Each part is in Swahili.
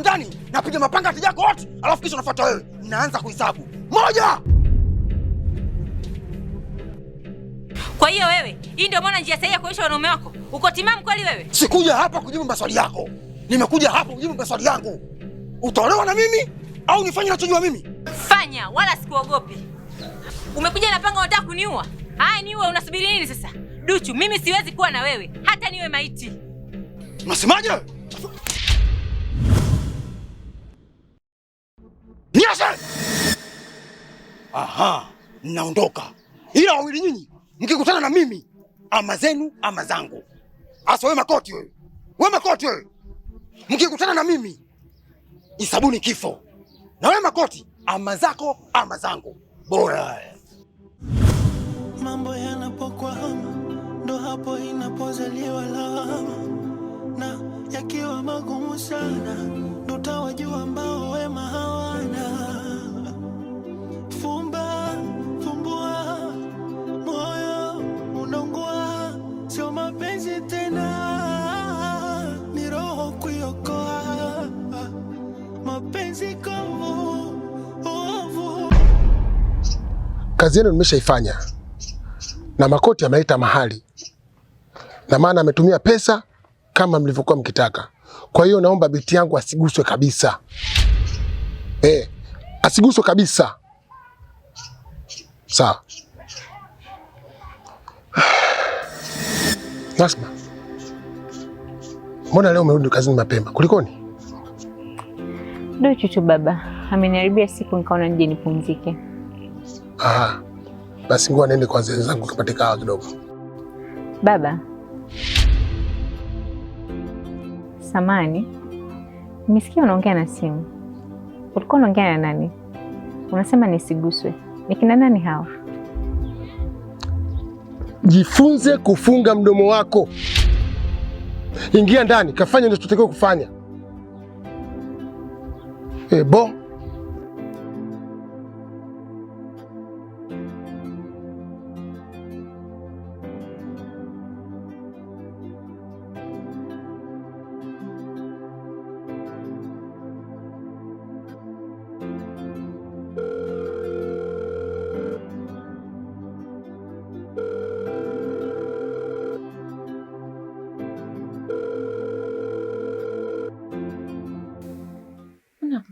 ndani, napiga mapanga hati yako wote, alafu kisha unafuata wewe. Naanza kuhesabu moja. Kwa hiyo wewe, hii ndio maana njia sahihi ya kuonyesha wanaume wako uko timamu kweli? Wewe, sikuja hapa kujibu maswali yako, nimekuja hapa kujibu maswali yangu. Utaolewa na mimi au nifanye nachojua mimi? Fanya, wala sikuogopi. Umekuja na panga, unataka kuniua? Haya, niue. Unasubiri nini sasa? Duchu, mimi siwezi kuwa na wewe hata niwe maiti. Unasemaje? Aha, naondoka, ila wawili nyinyi mkikutana na mimi, ama zenu ama zangu. Asa we Makoti, wewe we Makoti, wewe mkikutana na mimi isabuni kifo, na we Makoti, ama zako ama zangu. Bora mambo yanapokwama ndo hapo inapozaliwa lawama, na yakiwa magumu sana ndo tawajua ambao wema Kazi yenu nimeshaifanya na Makoti ameleta mahali na maana ametumia pesa kama mlivyokuwa mkitaka. Kwa hiyo naomba binti yangu asiguswe kabisa eh, asiguswe kabisa. Sawa Nasma, mbona leo umerudi kazini mapema? Kulikoni? do chuchu baba ameniharibia siku, nikaona nije nipumzike. Aha, basi ngoja niende kwa zangu nipate hawa kidogo. Baba samani, nimesikia unaongea na simu. Ulikuwa unaongea na nani? Unasema nisiguswe, nikina nani hawa? Jifunze kufunga mdomo wako, ingia ndani, kafanya unachotakiwa kufanya. Et eh, bon,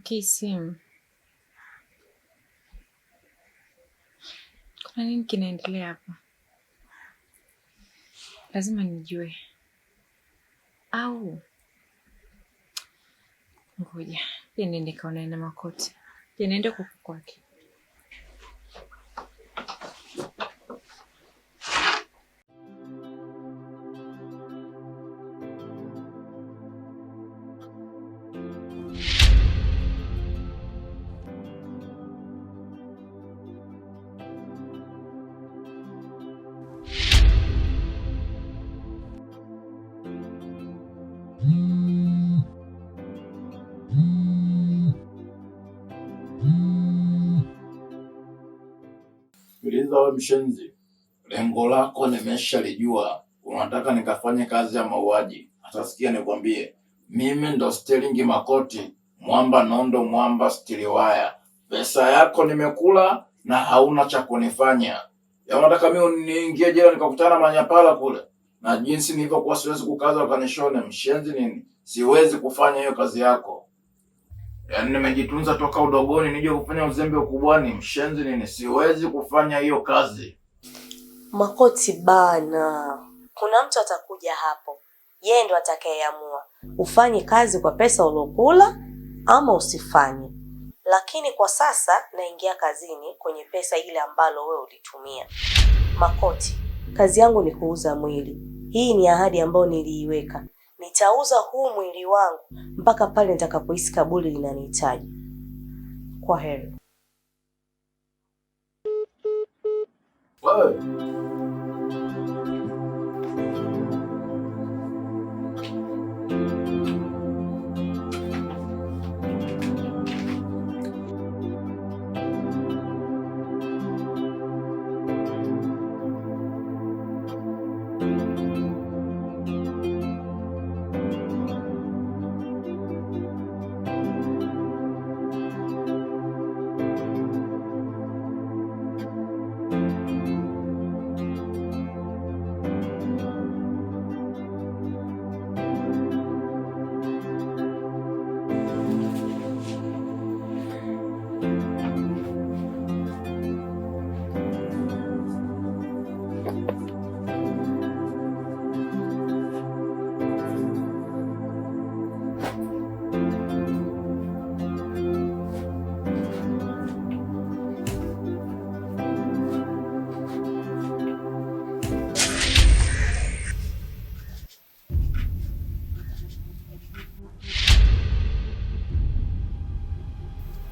Hasikii simu. Kuna nini kinaendelea hapa? Lazima nijue. Au ngoja pia niende kaonane na Makoti, pia niende kuku kwake. Sikiliza wewe mshenzi, lengo lako nimeshalijua. Unataka nikafanye kazi ya mauaji? Atasikia nikwambie, mimi ndo Sterling Makoti, mwamba nondo, mwamba stiliwaya. Pesa yako nimekula na hauna cha kunifanya. Yaani unataka mimi niingie jela nikakutana manyapala kule, na jinsi nilivyokuwa siwezi kukaza ukanishone? Mshenzi nini? Siwezi kufanya hiyo kazi yako. Yaani nimejitunza toka udogoni, nije kufanya uzembe ukubwani? Mshenzi nini? Siwezi kufanya hiyo kazi. Makoti bana, kuna mtu atakuja hapo, yeye ndo atakayeamua ufanye kazi kwa pesa uliokula ama usifanye. Lakini kwa sasa naingia kazini kwenye pesa ile ambalo wewe ulitumia. Makoti, kazi yangu ni kuuza mwili. Hii ni ahadi ambayo niliiweka nitauza huu mwili wangu mpaka pale nitakapohisi kaburi linanihitaji. Kwa heri.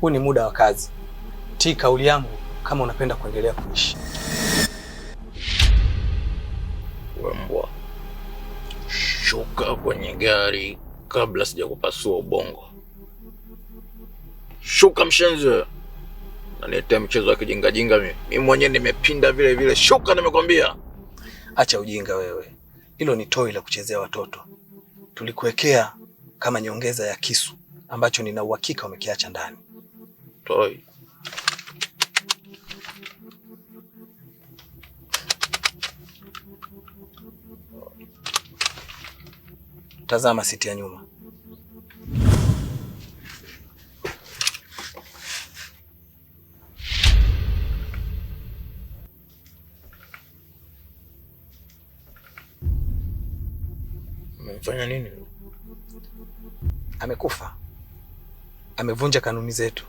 huu ni muda wa kazi. Tii kauli yangu kama unapenda kuendelea kuishi. Wembwa, shuka kwenye gari kabla sijakupasua ubongo. Shuka mshenzi, naniletea mchezo wa kijingajinga. Mimi mwenyewe nimepinda vile vile. Shuka nimekwambia. Acha ujinga wewe, hilo ni toi la kuchezea watoto. Tulikuwekea kama nyongeza ya kisu ambacho nina uhakika umekiacha ndani. Toy. Tazama siti ya nyuma. Amefanya nini? Amekufa. Amevunja kanuni zetu.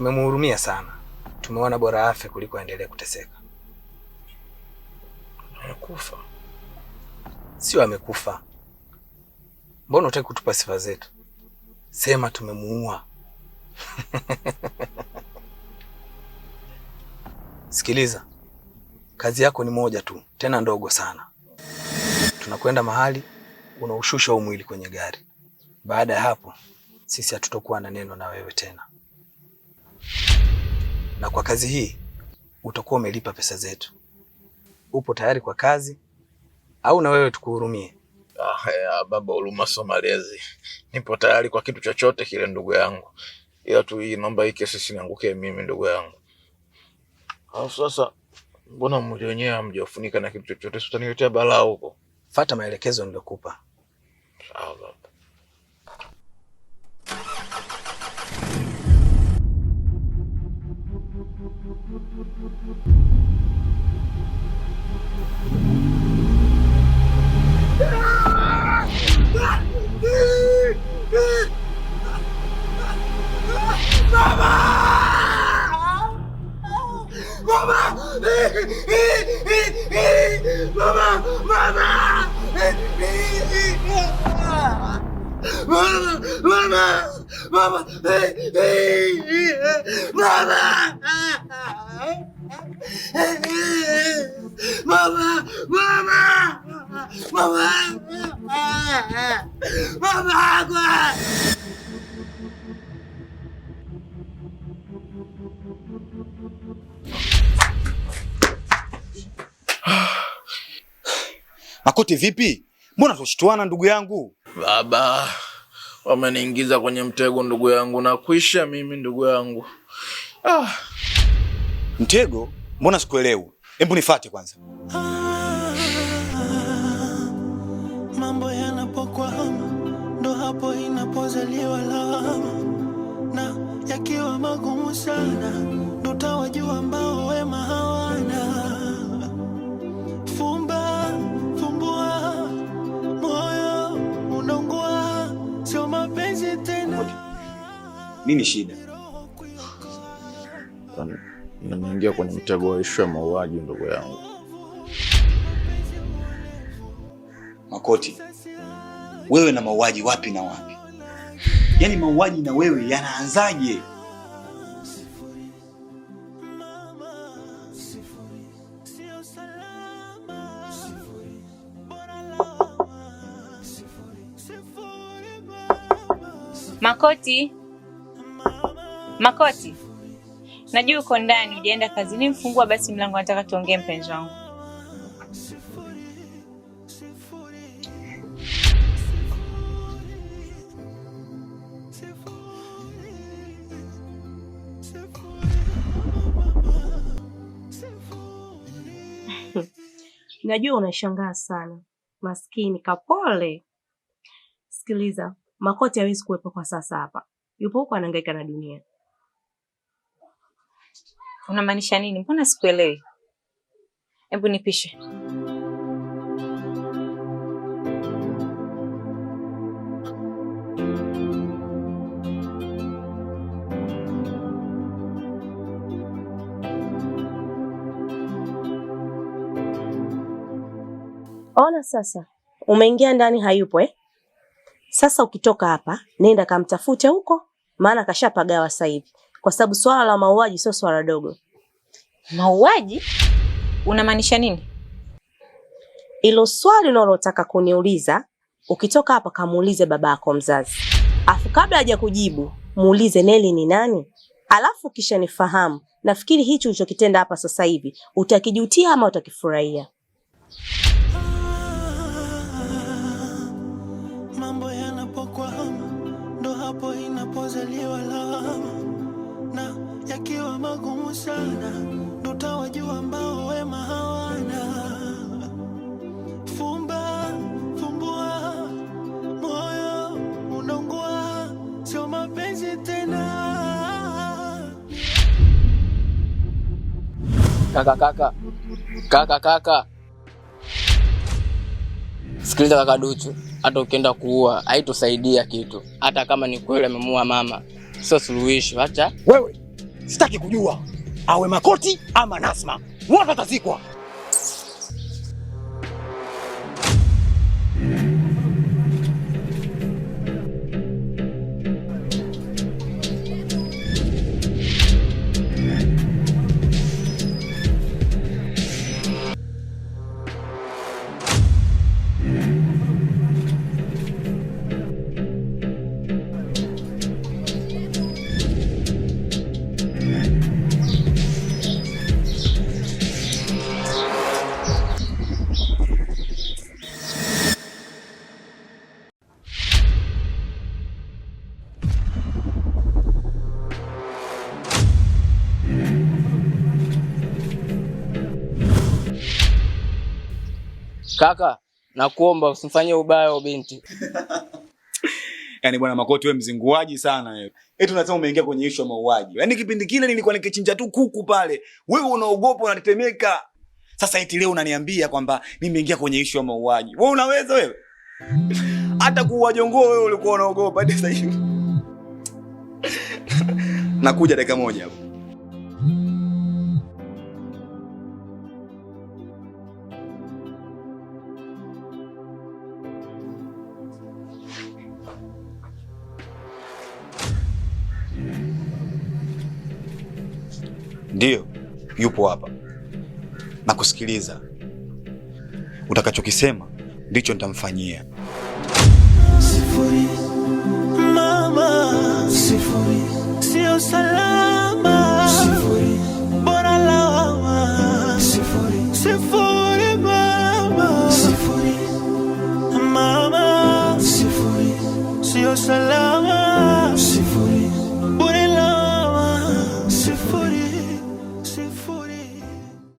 Tumemhurumia sana, tumeona bora afe kuliko aendelee kuteseka. Amekufa? Sio amekufa. Mbona utaki kutupa sifa zetu? Sema tumemuua. Sikiliza, kazi yako ni moja tu, tena ndogo sana. Tunakwenda mahali, unaushusha huu mwili kwenye gari. Baada ya hapo, sisi hatutokuwa na neno na wewe tena na kwa kazi hii utakuwa umelipa pesa zetu. Upo tayari kwa kazi au na wewe tukuhurumie? Ah, ya, baba huruma sio malezi. Nipo tayari kwa kitu chochote kile ndugu yangu, ila tu hii naomba hii kesi sinianguke mimi ndugu yangu. Au sasa mbona mmoja wenyewe na kitu chochote, sitaniletea balaa huko. Fata maelekezo niliyokupa. Sawa baba. Mama! Mama! Mama! Mama, mama, mama Makoti vipi? Mbona tushtuana ndugu yangu? Baba, wameniingiza kwenye mtego ndugu yangu na kuisha mimi ndugu yangu. Ah. Mtego? Mbona sikuelewi? Hebu nifate kwanza. Ah. waliozaliwa lawama na yakiwa magumu sana, ndo utawajua ambao wema hawana. Fumba fumbua, moyo unaungua, sio mapenzi tena. Nini shida? Nimeingia kwenye mtego wa ishu ya mauaji, ndugu yangu Makoti. Wewe na mauaji wapi na wapi? yani mauaji na wewe yanaanzaje? Makoti, Makoti, najua uko ndani, ujaenda kazini. Mfungua basi mlango, nataka tuongee, mpenzi wangu. Najua unashangaa sana, maskini kapole. Sikiliza, Makoti hawezi kuwepo kwa sasa hapa, yupo huko anahangaika na dunia. Unamaanisha nini? Mbona sikuelewi? Hebu nipishe. Ona sasa umeingia ndani hayupo eh? Sasa ukitoka hapa nenda kamtafute huko, maana kashapagawa sasa hivi, kwa sababu swala la mauaji sio swala dogo. Mauaji unamaanisha nini? Ilo swali unalotaka kuniuliza, ukitoka hapa kamuulize babako mzazi, afu kabla haja kujibu muulize Neli ni nani, alafu kisha nifahamu. Nafikiri hicho ulichokitenda hapa sasa hivi utakijutia ama utakifurahia. Kaka kaka kaka kaka, sikiliza kaka Duchu, hata ukienda kuua haitusaidia kitu. Hata kama ni kweli amemuua mama, sio suluhisho. Acha wewe, sitaki kujua awe Makoti ama Nasma, wote watazikwa. Kaka, nakuomba usimfanyie ubaya binti. Yaani bwana Makoti wewe mzinguaji sana wewe. Eti eh, unasema umeingia kwenye issue ya mauaji. Yaani kipindi kile nilikuwa nikichinja tu kuku pale. Wewe unaogopa unatetemeka. Sasa eti leo unaniambia kwamba nimeingia kwenye issue ya mauaji. Wewe unaweza wewe? Hata kuua jongoo wewe ulikuwa unaogopa hadi sasa hivi. Nakuja dakika moja hapo. Ndiyo, yupo hapa na kusikiliza. Utakachokisema ndicho nitamfanyia. Sifuri mama, sifuri sio salama, sifuri bora lawama, sifuri sifuri mama, sifuri mama, sifuri sio salama.